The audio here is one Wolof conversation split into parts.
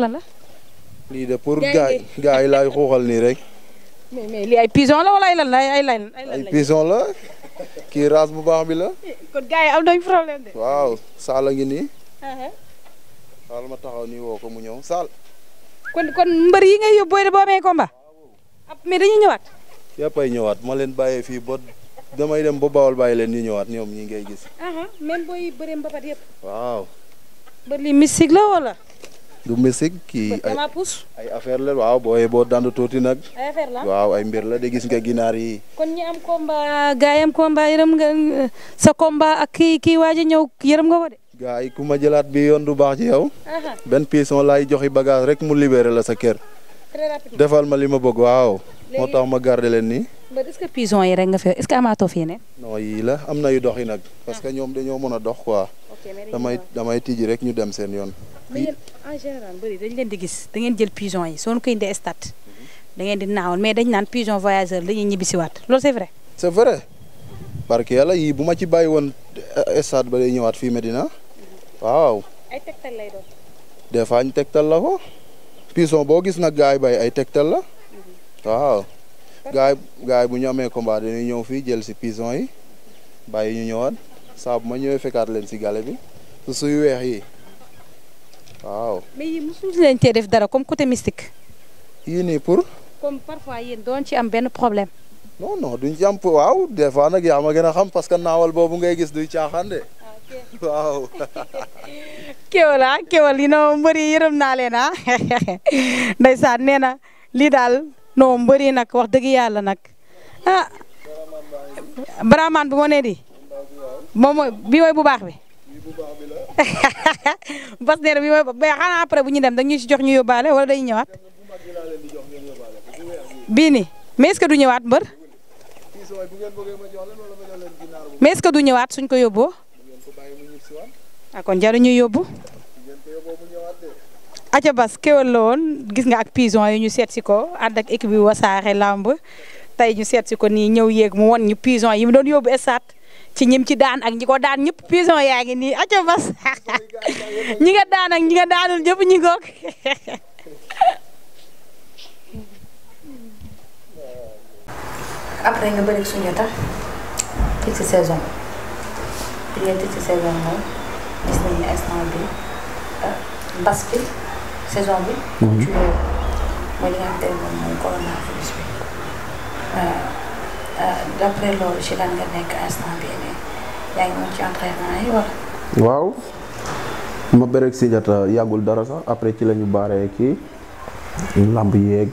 la la. lii de pour gars yi yi laay xuuxal nii rek. mais mais ay pigeon la wala ay lan la ay pison ay pigeon la kii bu baax bi la. kon gars yi am nañ problème de. waaw Saal a ngi nii. Uh-huh. Saal ma taxaw nii woo ko mu ñëw Saal. kon kon mbër yi ngay yóbbu boo amee combat. Ah, mais dañuy ñëwaat. yëpp ay ñëwaat ma leen bàyyee fii ba damay dem ba bawal bàyyi leen ñu ñëwaat ñoom ñi ngay gis. Uh-huh. même booy bëree mbapat yëpp. waaw. ba lii mystique la wala. du musique kii ay ay affaire la waaw booyee boo dand tuuti nag. waaw ay mbir la de gis nga ginaar yi. kon ko am combat gaa yi am combat yërëm nga euh, sa combat ak kii kii waaj nga ko de. gaa yi ku ma jëlaat bi yoon du baax ci yow. benn piéson laay joxi bagage rek mu libéré la sa kër. defal ma li ma bëgg waaw. moo tax ma garder leen nii. ba est yi rek nga fi est-ce que amaatoo fi yeneen. la am na yu dox yi nag. parce que ah. ñoom dañoo mën a dox quoi. damay damay tijji rek ñu dem seen yoon. mais yéen dañ leen di gis da ngeen jël pigeon yi soo koy indee stade da ngeen di naawoon mais dañ naan pigeon voyageur dañuy ñibbisiwaat loolu c'est vrai. c'est vrai parce que yàlla yii bu ma ci bàyyi woon eh, stade ba lay ñëwaat fii Medina waaw. ay tegtal fois ñu tegtal la ko pigeon boo gis nag gaay bay ay tegtal la waaw. gaay gaay bu ñu amee combat dañuy ñëw fii jël si pigeon yi bàyyi ñu ñëwaat saa bu ma ñëwee fekkaat leen si gale bi su suy weex yi. waaw. mais yii mosuñu leen cee def dara comme côté mystique. yii nii pour. doon ci am benn problème. non non duñ ci waaw des nag yaa ma gën xam parce que naawal boobu ngay gis duy caaxaan de. kéwal ah, yi non mbëri yërëm naa leen ah ndeysaan nee na lii daal non mbëri nag wax dëgg yàlla nag ah. Brahman bu ma nee di moom bu baax bi. bas neer bi mooy ba xanaa après bu ñu dem dañuy ci jox ñu yóbbaale wala dañu ñëwaat. bii nii mais est que du ñëwaat mbër. mais est-ce que du ñëwaat suñ ko yóbboo. ah kon jaru yóbbu. aca bas kéwal la woon gis nga ak pison yi ñu seet si ko ànd ak équipe làmb tey ñu seet si ko nii ñëw yéeg mu won ñu pison yi mu doon yóbbu estaat ci ñim ci daan ak ñi ko daan ñëpp prison yaa ngi nii aca bas ñi nga daan ñi nga daanul ñëpp ñi ngoog après nga bëri suñu tax tëj ci saison bi euh, nga tëj mhm. mooy nga xamante ne moom mooy coronavirus bi euh, euh, d'après loolu ci lan nga nekk instant bi yaa ngi ci entraînement waaw ma bëreeg si jota yàggul dara sax après ci la ñu baaree kii làmb yeeg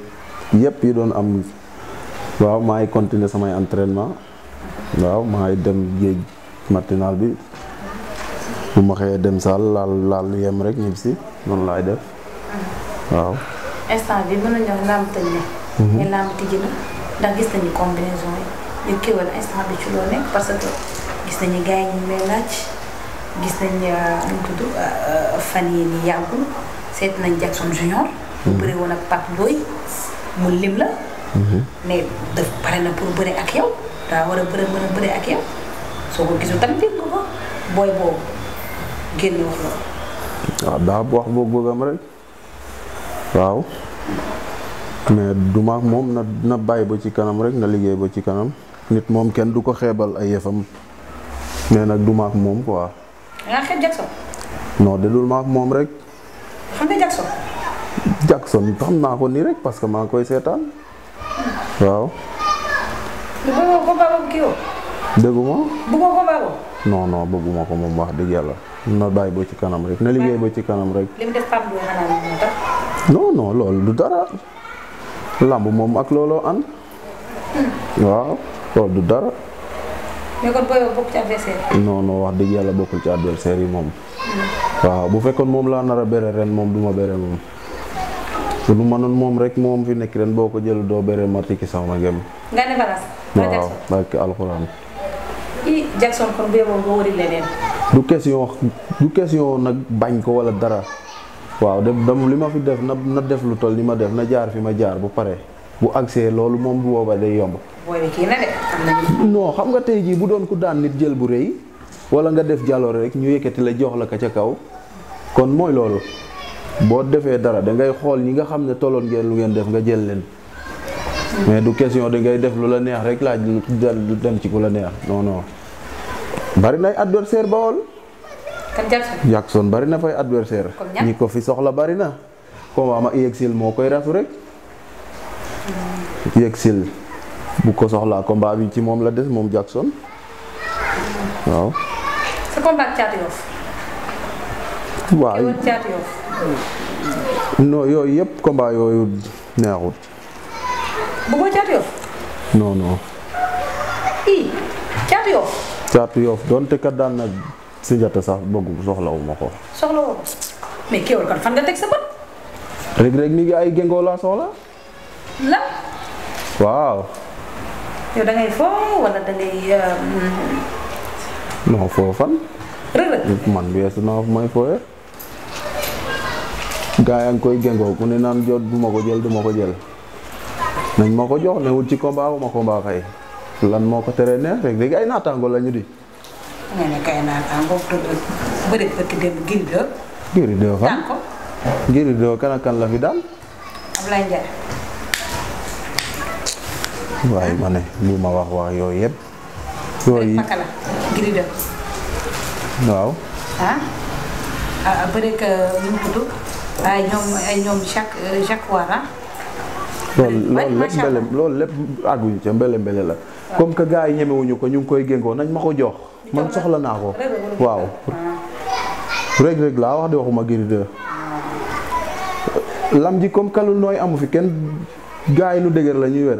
yépp yi doon am waaw may ngi continuer samay entraînement waaw maa dem géej matinal bi bu ma xëyee dem saal laal laal yem rek ñib si noonu laay def waaw. instant bi mën nañu wax làmb tëj mhm. na. ndax gis nañu combinaison yi ñu kéwal instant bi ci loo nekk parce que. gis nañu gars yi ñu ngi gis nañu euh, nu mu euh, euh, fan yii nii yàggul seet nañ Jackson Junior. mu mhm. bëri woon ak Pape Ndoye mu lim la. ne mhm. daf pare na pour bëri ak yow daa war a bëri ak yow soo ko gisul tamit dégg boobu génn wax waaw daa wax boog boogam rek waaw mais du ma moom na na bàyyi ba ci kanam rek na liggéey ba ci kanam nit moom kenn du ko xeebal ay yëfam. mais nag du maak moom quoi. yaa de dul maak moom rek. xam nga Jackson. xam naa ko ni rek parce que maa ngi koy seetaan waaw. bëggoo ko baaboo bëgguma ko moom wax dëgg yàlla. na bàyyi boo ci kanam rek na liggéey ba ci kanam rek. li mu def du dara. làmb moom ak looloo ànd. Hmm. waaw loolu du dara. mais kon wax dëgg yàlla bokkul ci adversaire yi moom. Hmm. waaw bu fekkoon moom laa nar a bere ren moom du ma bere moom. su lu mënoon moom rek moom fi nekk ren boo ko jël doo bere martiki sax ma gëm. nga ne balance. waaw ak alxuraan. i Jackson du question du question nag bañ ko wala dara. waaw dem dam li ma fi def na na def lu toll ni ma def na jaar fi ma jaar bu pare bu agsee loolu moom bu boobaa day yomb. booy bi xam nga tey jii bu doon ku daan nit jël bu rëy wala nga def jaloore rek ñu yëkkati la jox la ko ca kaw kon mooy loolu boo defee dara da ngay xool ñi nga xam ne toloon ngeen lu ngeen def nga jël leen. mais du question da ngay def lu la neex rek laaj lu dem ci ku la neex non bari nay adversaire Bawol. kan Jackson. Jackson bari na fay adversaire ñi ko fi soxla bari na. comme waa ma yegsil moo koy rasu rek. Hmm. yegsil. bu ko soxlaa combat bi ci moom la des moom Jackson waaw. sa combat ak Thiatou Yoff. waaw yow yooyu yëpp combat yooyu neexut. bëggoo Thiatou Yoff. non non. ii Thiatou Yoff. Thiatou Yoff donte kat sax bëggu soxlawu ko. soxlawu mais kéwal kon fan nga teg sa bët. rek rek ni ay géngoo laa soxla. waaw. yow da ngay foo wala da ngay. non foo fan. rëgg man weesu naa may fooyee. gaa yaa ngi koy gengoo ku ne naan jot bu ma ko jël du ko jël. nañ ma ko jox newul ci combat wu lan moo ko teree neex rek léegi ay naataango la di. nga ne kay naataango bëri bëkk dem Giri Deo. fan. Giri Deo la fi daal. waaye ma ne li ma wax wax yooyu yëpp. yooyu pakala waaw. ah ah bëri que nu ay ñoom ay ñoom chaque euh, chaque wara loolu lépp mbele lool lépp àgguñu ca mbele mbele la comme que gars yi ñemewuñu ko ñu ngi koy géngoo nañ ma ko jox man soxla naa ko waaw ah. Reug Reug laa wax di waxuma Gris ah. lam ji comme ka lu nooy amu fi kenn gars yi lu dëgër la ñuy wér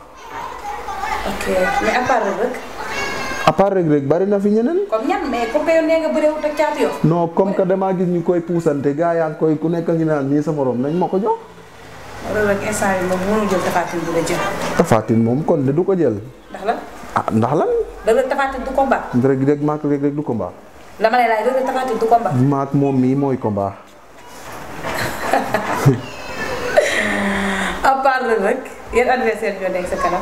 ok mais bari na fi ñeneen. comme ñan comme que yow gis ñu koy puusante gaa yaa ngi ku nekk ngi naan ñii sa morom nañ ma ko jox. Reug moom mënul du ko jël. ndax maak la ma lay laaj Reug Reug Tapha Tine du moom mii mooy ko à part Reug Reug yan adversaire ñoo nekk sa kanam.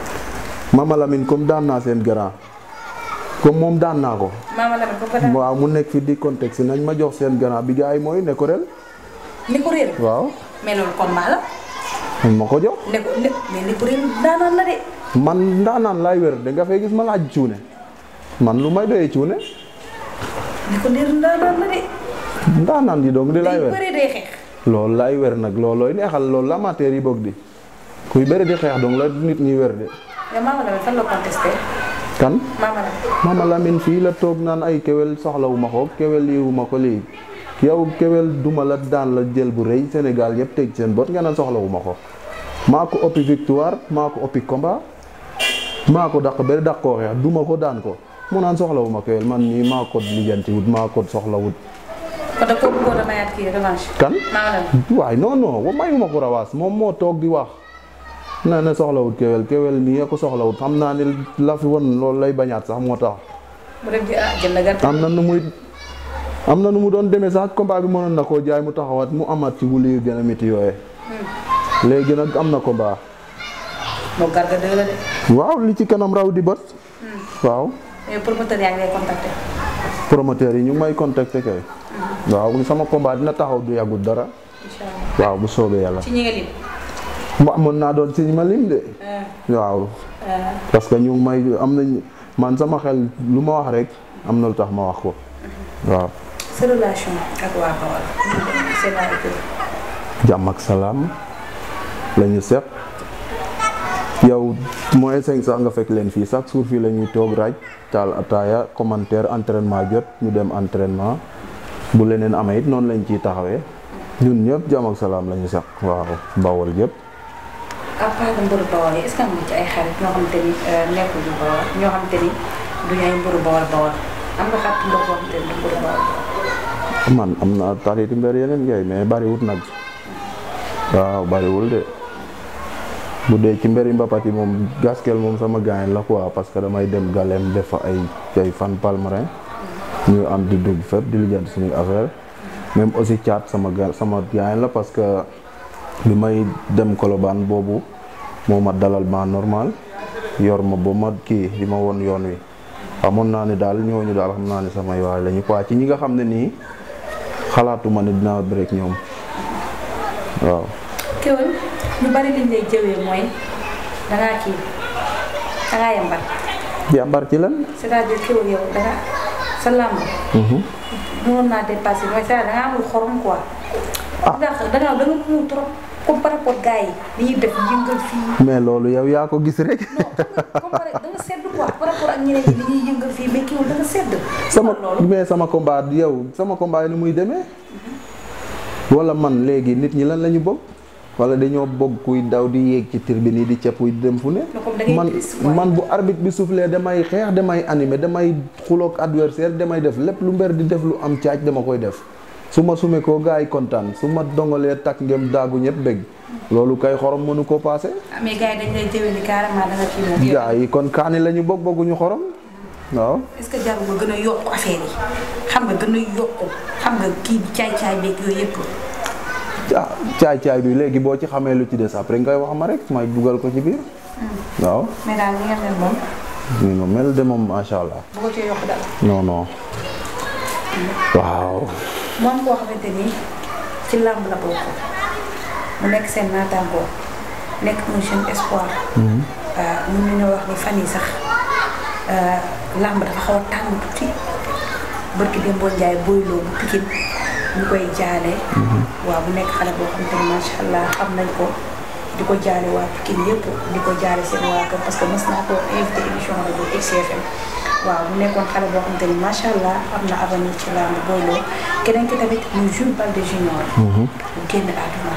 Mama Lamine comme daan naa seen grand comme moom daan naa ko. Mama waaw mu nekk fi di contexte nañ ma jox seen grand bi gars yi mooy ne ko rel. waaw ma ko jox. ne man daanaan laay wér de nga gis ma laaj cuune man lu ma doyee cuune. ni ko réel daanaan la de. di laay wér loolu laay wér nag loolooy neexal loolu la matière yi bokk di kuy bëri di xeex donc la nit ñi wér de. kan Mama Lamine fii la toog naan ay kewel soxlawuma ko kewel yiwuma ko lii yow kewel duma la daan la jël bu rëy Sénégal yëpp teg seen bot nga soxlawuma ko maa ko ëppi victoire maa ko ëppi combat maa ko dàq ba dàq koo xeex duma ko daan ko mu naan soxlawuma kewel man nii maa ko lijjanti wut maa ko soxlawut kan waaye non mayuma ko rawaas moom moo toog di wax na ne soxlawut kéwél kéwél nii ko soxlawut xam naa ne la fi won loolu lay bañaat sax moo tax. Ah, am na nu muy am na nu mu doon demee sax combat bi mënoon na koo jaay mu taxawaat mu amaat ci wuli yu gën a hmm. léegi nag am na combat. moo waaw li ci kanam raw di bët. Hmm. waaw. Eh, promoteur yi ñu ngi may contacter kay. Hmm. waaw sama combat dina taxaw du yàggul dara. waaw bu soobee yàlla. ci mu amoon naa doon ci ñi ma lim de. Eh. waaw. Eh. parce que ñu may am nañ man sama xel lu ma wax rek am na lu tax ma wax ko waaw. sa ak waa Bawol jàmm ak salaam la ñu seq yow mooy cinq sax nga fekk leen fii chaque jour fii la ñuy toog raaj taal ataaya commentaire entraînement jot ñu dem entrainement bu leneen amee it noonu lañ ciy taxawee ñun ñëpp jàmm ak salaam la ñu seq waaw Bawol jëpp à euh, man am na taalitu mbër yeneen ngay mais bariwut nag waaw bariwul de bu dee ci mberi mbapat yi moom gaskel moom sama gaañ la quoi parce que damay dem galeem def fa ay ay fan palmarin ñu am di dugg fépp di suñuy affaire même aussi caat sama ga sama la parce que. bi may dem Colobane boobu moo ma dalal ma normal yor ma ba ma kii di ma won yoon wi amoon naa ne daal ñooñu daal xam naa ne samay waay lañu quoi ci ñi nga xam ne nii xalaatuma ne dinaa bëreek ñoom waaw. Kéwél ñu bari liñ lay jëwee mooy da kii da yambar. yambar ci lan. cest à Kéwél yow da sa làmb. Mhm. mënoon naa dépassé mooy cest à amul xorom quoi. Ah. comme loolu yow yaa ko gis rek. non mais sama mais sama combat yow sama combat ni muy demee. wala man léegi nit ñi lan lañu ñu bëgg. wala dañoo bëgg kuy daw di yéeg ci tribune yi di ceeb kuy dem fu ne. man man bu arbitre bi soufflé damay xeex damay anime damay xuloog adversaire damay def lépp lu mbër di def lu am caaj dama koy def. su ma sumee koo gars yi kontaan su ma dongalee takk ngem daagu ñëpp bég loolu kay xorom mënu ko paase. Ah, mais yi kon kaani lañu ñu bokk bokkuñu xorom waaw. est jarul nga gën a yokk affaire yi xam nga gën a yokk bi ah, caay-caay bi léegi boo ci xamee lu ci des après ngay wax ma rek may dugal ko ci biir. Hmm. waaw. mel moom. ma mel de moom macha allah. bu hmm. waaw. moom am koo xamante nii ci làmb la ko mu nekk seen naataangoo nekk un jeune espoir. waaw mhm. euh, mun nañoo wax ni fan yi sax euh, làmb dafa xaw a tàng tuuti barki Demba Ndiaye booyloo bu Pikine ñu koy jaale. Mhm. waaw mu nekk xale boo xamante ni macha allah xam nañ ko. di ko jaale waa Pikine yëpp di ko jaale seen waa kër parce que mës naa ko invité émission rajo waaw mu nekkoon xale boo xamante ni macha allah am na avenir ci làmb Boy Lo keneen ki tamit mu Jules Baldé Junior. Mhm. mu génn àdduna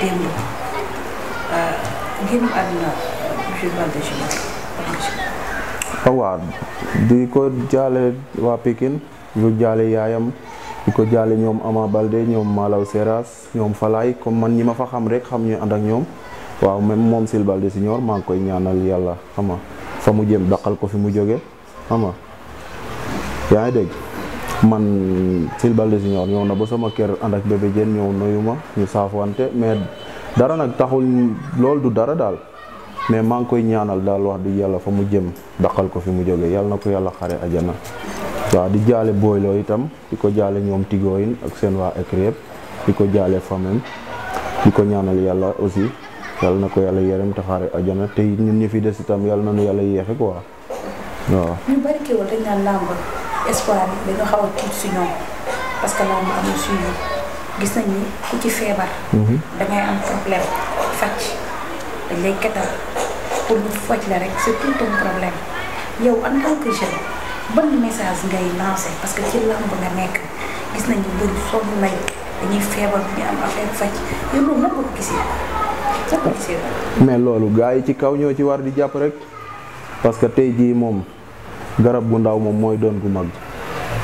démb euh, génn àdduna Jules Baldé Junior. waaw di ko jaale waa Pikine di jaale yaayam di ko jaale ñoom Ama Baldé ñoom Malaw Seras ñoom Falaay comme man ñi ma fa xam rek xam ñu ànd ak ñoom waaw même moom Jules Baldé Junior maa ngi koy ñaanal yàlla xama fa mu jëm daqal ko fi mu jóge xam yaa ngi dégg man Fil Baldé Junior ñoom na ba sama kër ànd ak bébé Diène ñëw nuyu ma ñu saafante mais dara nag taxul lool du dara daal mais maa ngi koy ñaanal daal wax di yàlla fa mu jëm daqal ko fi mu jóge yàlla na ko yàlla xare ajana waa di jaale booyloo itam di ko jaale ñoom tigooyin ak seen waa écrit yëpp di ko jaale famem di ko ñaanal yàlla aussi yàlla na ko yàlla yërëm taxaare ajana te ñun ñu fi des itam yàlla na nu yàlla yéexe quoi waaw ñu bari kéwél dañ naan làmb espoir yi xaw a tuuti si ñoom parce que làmb amul suivi gis nañ ni ku ci feebar. Mhm. da ngay am problème faj dañ lay ketal pour ñu faj la rek c'est tout un problème yow en tant que jeune ban message ngay lancé parce ci làmb nga nekk gis nañ ni bëri sonn dañuy feebar bu am affaire faj yow loolu nan nga ko gisee. mais loolu gars yi ci kaw ñoo ci war di jàpp rek parce que tey jii moom. garab gu ndaw moom mooy doon gu mag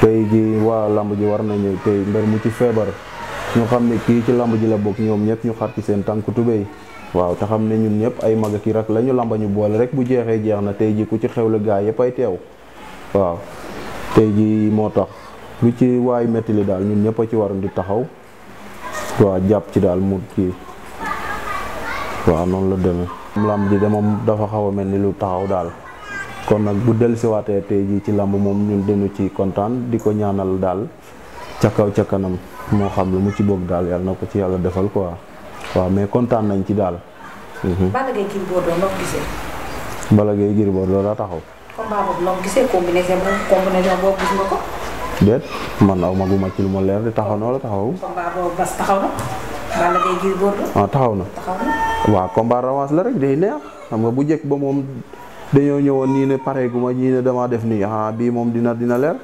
tey ji waa làmb ji war nañu tey mbër mu ci feebar ñu xam ne kii ci lamb ji la bokk ñoom ñëpp ñu xar ci seen tànk tubéy waaw te xam ne ñun ñëpp ay mag ki rak la lamba ñu boole rek bu jeexee jeex na tey ji ku ci xewle gaa yëpp ay teew waaw tey moo tax lu ci waay metti li daal ñun ñëpp a ci war di taxaw waaw jàpp ci daal mu kii waaw noonu la demee lamb ji de moom dafa xaw a mel ni lu taxaw daal kon nag bu dellu si waatee tey jii ci làmb moom ñun dañu ci kontaan di ko ñaanal daal ca kaw ca kanam moo xam lu mu ci bëgg daal yàlla na ko ci yàlla defal quoi waaw mais kontaan nañ ci daal. Mhm. Balla Gaye Gris Bordeaux noo gisee. daa taxaw. combat boobu noo gisee combinaison ci lu ma leer di taxaw na wala taxaw. combat boobu taxaw na. Ah, la rek day neex xam nga bu njëkk ba moom. dañoo ñëwoon ñii ne pareegu ma ñii ne damaa def nii ah bii moom dina dina leer.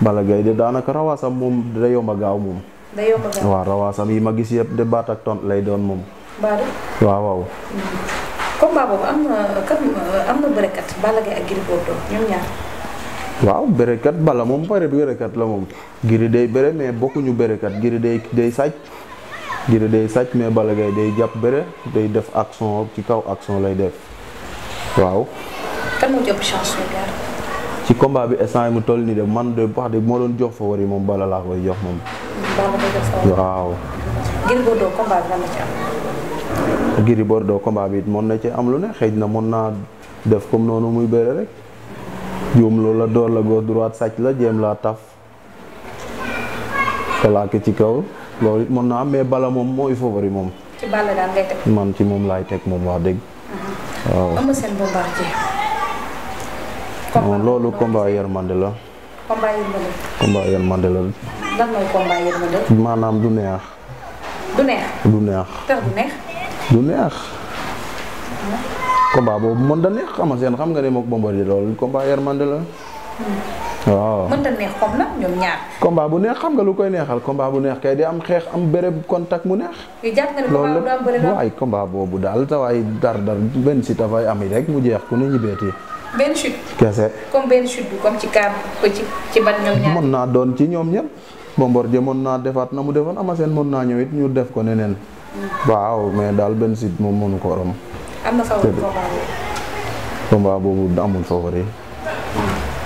Balla Gaye de daanaka rawaasam moom da yomba gaaw moom. waaw rawaasam yi ma gis yëpp de baat ak tont lay doon moom. waaw waaw. Mm-hmm. bala moom pare bërekat la moom Gris day bëre mais bokkuñu bërekat Gris day day sàcc Gris day sàcc mais Balla Gaye day jàpp bëre day def action ci kaw action lay def. waaw. ci komba bi instant mu toll nii de man de wax de moo doon jox favori moom bala laa koy jox moom. waaw. Gris Bordeaux combat bi it mën na ci am lu ne xëy na mën naa def comme noonu muy bëre rek. juum loolu la door la góor droite sàcc la jéem laa taf. kalaake ci kaw loolu it mën naa am bala moom mooy favori moom. man ci moom laay teg moom wax dëgg. waaw Eumeu combat loolu combat yërmande la. combat yërmande. combat la. maanaam du neex. du neex. du neex. tax du neex. combat boobu mën da neex Eumeu Sène xam nga ne moom Bombardier loolu combat yërmande la. Hmm. waaw mënta neex comme bu neex xam nga lu koy neexal combat bu neex kay di am xeex am béréb contact mu neex. yu ne combat la waaye combat boobu daal tawaay dar dar benn si dafay am rek mu jeex ku ne ñu beeti. kese ko ci ci ban mën naa doon ci ñoom ñëpp. Bombardier mën naa defaat na mu defoon ama seen mën naa ñëw it ñu def ko neneen. Hmm. waaw mais daal benn site moom mënu ko rom am na favori boobu amul favori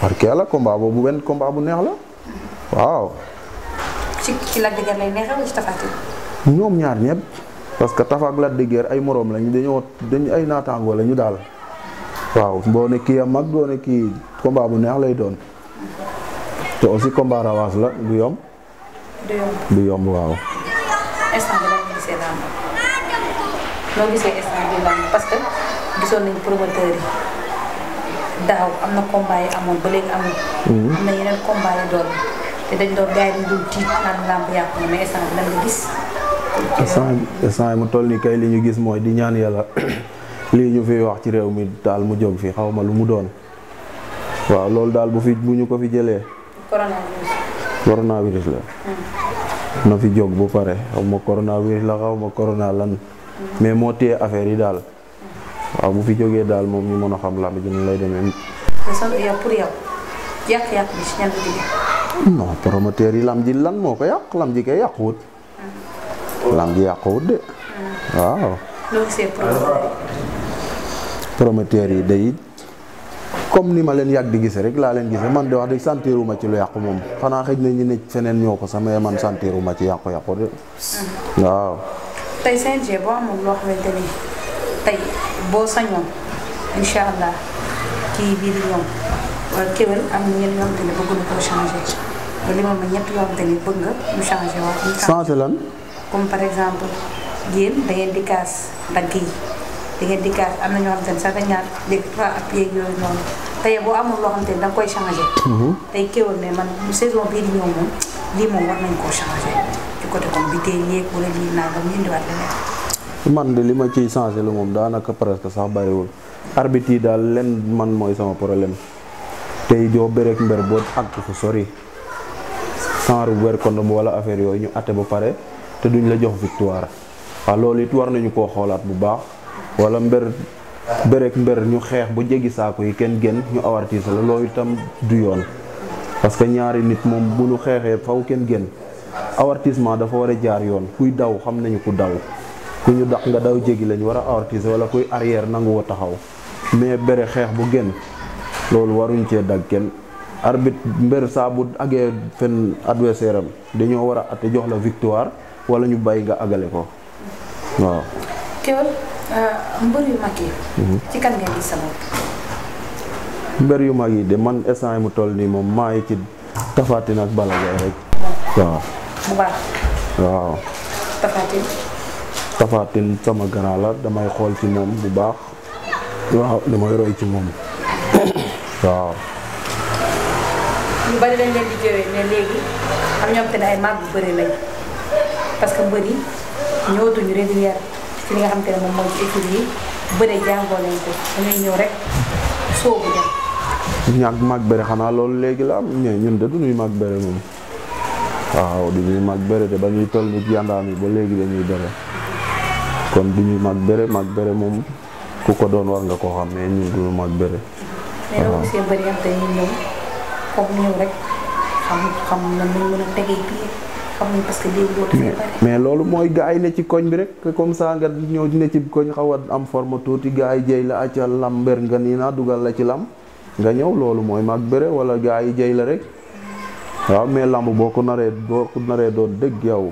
barke yàlla komba boobu benn combat bu neex la waaw. ci ci Lac lay neexee wala ci Tapha Tine. ñoom ñaar ñëpp parce que Tapha ak Lac de Guiers ay moroom lañu dañoo dañu ay naataangoo lañu daal waaw boo ne kii a mag boo ne kii combat bu neex lay doon te aussi combat rawaas la bu yomb. du yomb du waaw. parce que gisoon nañu promoteur yi. daaw am na combat amoon ba léegi amul. Mhm. am na yeneen combat yi te dañ doon gars yi dul tiit naan na mais instant lan nga gis. li ñu gis mooy di ñaan yàlla lii ñu fi wax ci réew mi daal mu jóg fi xaw ma lu mu doon waaw loolu daal bu fi bu ñu ko fi jëlee. coronavirus. la. Hmm. na fi jóg bu pare xaw ma coronavirus la xaw ma corona lan. Hmm. mais moo téye affaire yi daal. waaw bu fi jógee daal moom ñu mën a xam làmb ji ñu lay demee. pour yow yàq yi làmb ji lan moo ko yàq lam ji kay yàquwut. Hmm. làmb ji yàquwut de. Hmm. waaw. promoteur yi day comme ni ma leen yàgg di gisee rek laa leen gisee man de wax dëgg santiruma ci lu yàqu moom xanaa xëj na ñu ne feneen ñoo ko sama man santiruma ci yàqu-yàqu de. Hmm. waaw. tey CNG boo amul loo xamante ni tey boo sañoon incha allah kii biir di ñoom kéwél am na ñetti yoo xamante ne bëgg na koo changé te li ma ma ñett yoo lan comme par exemple yéen da ngeen di kaas dagg yi da ngeen di kaas am na ñoo xamante ne sax dañ naan des boo amul loo xamante ne da koy changé. Mhm. tey kéwél ne man saison bii di ñëw moom lii moom war nañ koo changé ci côté comme bi tey yeeg wala lii naa ko ñu indiwaat leneen. man de li ma ciy changé lu moom daanaka presque sax bariwul arbitre yi daal lenn man mooy sama problème tey doo bëreeg mbër boo àgg fu sori genre werkondo wala affaire yooyu ñu atte ba pare te duñ la jox victoire waa loolu it war nañu koo xoolaat bu baax wala mbër bëreeg mbër ñu xeex bu jéggi saako yi kenn génn ñu awartiise la loolu itam du yoon parce que ñaari nit moom bu ñu xeexee faw kenn génn avertissement dafa war a jaar yoon kuy daw xam nañu ku daw ku ñu dox nga daw jégi lañu war a aortiser wala kuy arrière woo taxaw mais bere xeex bu génn loolu waruñ cee dagg kenn arbitre mbër saa bu agee fenn adversaire dañoo war a atte jox la victoire wala ñu bàyyi nga agale ko waaw. Kewel euh, mhm. mbër yu mag yi. de man instant yi mu toll nii moom maa ngi ci Tapha ak Balla rek. waaw. waaw. Tapha tafaatin sama ganaar la damay xool ci moom bu baax waaw damay roy ci moom waaw. ñu bari dañ leen di jëwee léegi am ñoom te ne ay mag bu bëri lañ parce que mbër yi ñëwatuñu régulière ci li nga xam te ne moom bëre jàngoo lañ ko ñëw rek soobu dem. ñàkk mag bëri xanaa loolu léegi la am mais ñun de du ñuy mag bëri moom waaw du mag bëri te ba ñuy toll nit yàndaam yi ba léegi dañuy bëre. kon du ñu mag bëre mag bëre moom ku ko doon war nga koo xam ne ñun du ñu mais parce que mais loolu mooy gars yi ne ci koñ bi rek comme ça nga ñëw ne ci koñ xaw a am forme tuuti gars yi jëy la acca ah, lam mbër nga nii naa dugal la ci lam nga ñëw loolu mooy mag bëre wala gars yi jëy la rek waaw mais lamb boo ko naree boo ko naree doon dëgg yow.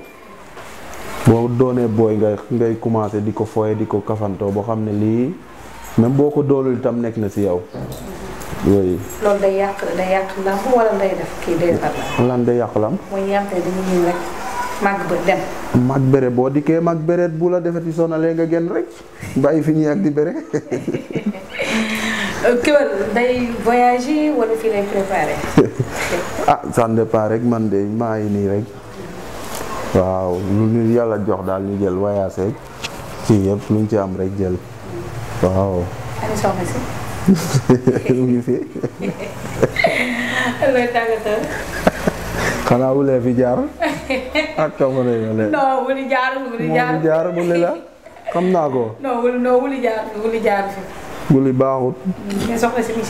boo doonee booy nga ngay commencé di ko fooye di ko kafantoo boo xam ne lii même boo ko doolul itam nekk na si yow. loolu day yàq day yàq lamb wala kii day faral. lan de yàq lamb. mooy ñi am te dañuy boo dikkee màgg bere bu la defee ci sonalee nga génn rek fi ñuy ak di bere. Kewel day voyager wala fi lay préparé. ah ça rek man de maa nii rek. waaw lu ñu yàlla jox daal ñu jël voyage kii yëpp luñ ci am rek jël waaw. ngi fi. looy tàggatoo. xanaa wulee fi jaar. ak kaw jaar wuli la xam naa ko. non wuli baaxut. mais si mi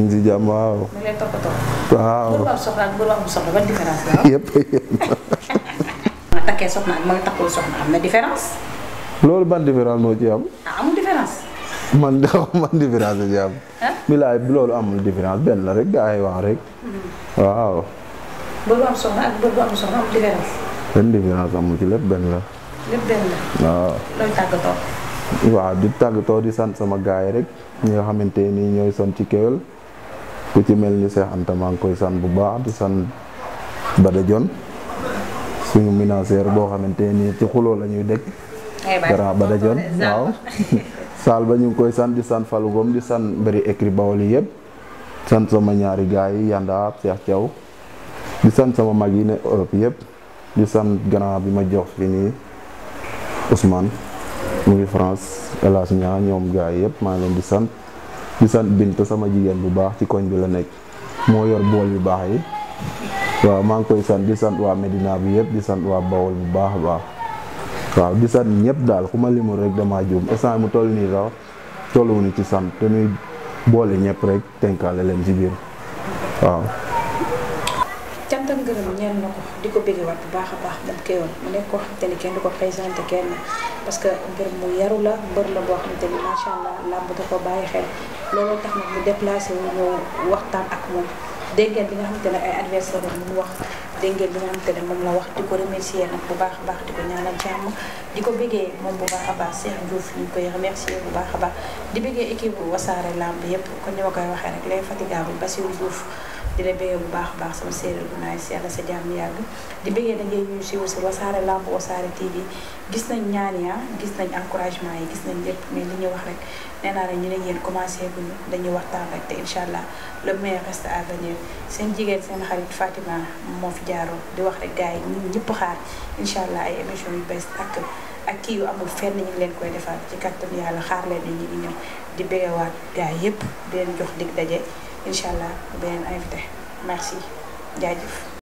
ngi si jàmm waaw. waaw bu am soxna am na différence. loolu ban différence moo ci am. Ah, man différence la ci am. bilaay loolu amul différence benn la rek gaa yi wax rek. Mm-hmm. waaw. bëgg am soxna ak bëgg am soxna amul différence. benn ci lépp benn la. lépp benn la. waaw di tàggatoo. waaw di tàggatoo di sant sama gaay rek ñi nga xamante nii ñooy son ci Kewel ku ci mel ni Cheikh Anta maa ngi koy sant bu baax di sant Bada Dione suñu minancière boo xamante ni ci xuloo la ñuy dëkk gara ba dajoon waaw saal ba ñu ngi koy sant di sant Fallou Ngom di sant mbëri écrit Bawol yi yëpp sant sama ñaari gars yi seex Cheikh Thiaw di sant sama mag yi ne Europe yëpp di sant grand bi ma jox fi nii Ousmane mu ngi France Elas ñaa ñoom gars yi yëpp maa ngi leen di sant di sant Bint sama jigéen bu baax ci koñ bi la nekk moo yor bool yu baax yi waaw maa ngi koy sant di sant waa Medina bi yëpp di sant waa Bawol bu baax baax waaw di sant ñëpp daal ku ma limul rek damaa juum instant mu toll nii raw tolluwuñu ci sant te ñuy boole ñëpp rek tënkaale leen ci biir waaw. cantam gërëm ñeen na ko di ko bëggewaat bu baax a baax mu nekk koo xamante ni kenn du ko présenté kenn parce que mu yaru mbër la boo xamante ni macha allah làmb da ko bàyyi xel looloo tax mu déplacé wu waxtaan ak moom. dégg ngeen li nga xamante ne ay adversaire am mu wax dégg ngeen li nga xamante ne moom la wax di ko remercier nag bu baax baax di ko ñaanal jàmm di ko bëggee moom bu baax a baax Cheikh Diouf ñu koy remercier bu baax a baax di bëggee équipe bu wasaare lamb yëpp kon ni ma koy waxee rek lay fatigable Bassirou Diouf di la bëggee bu baax a baax sama séeréer bu naay si yàlla sa jàmm yàgg di bëggee da ngay ñuy suivre si wasaare lamb wasaare TV gis nañ ñaan ya gis nañ encouragement yi gis nañ lépp mais li ñu wax rek nee ñu ne yéen commencé guñu dañuy waxtaan rek te incha allah le meilleur reste à venir seen jigéen seen xarit Fatima moo fi jaaroo di wax rek gars yi ñun ñëpp xaar incha allah ay émission yu bees tàkk ak kii yu amul fenn ñu leen koy defal ci kattan yàlla xaar leen ni ñu ngi ñëw di bëggewaat gars yëpp di leen jox dig daje incha allah beneen invité merci jaajëf.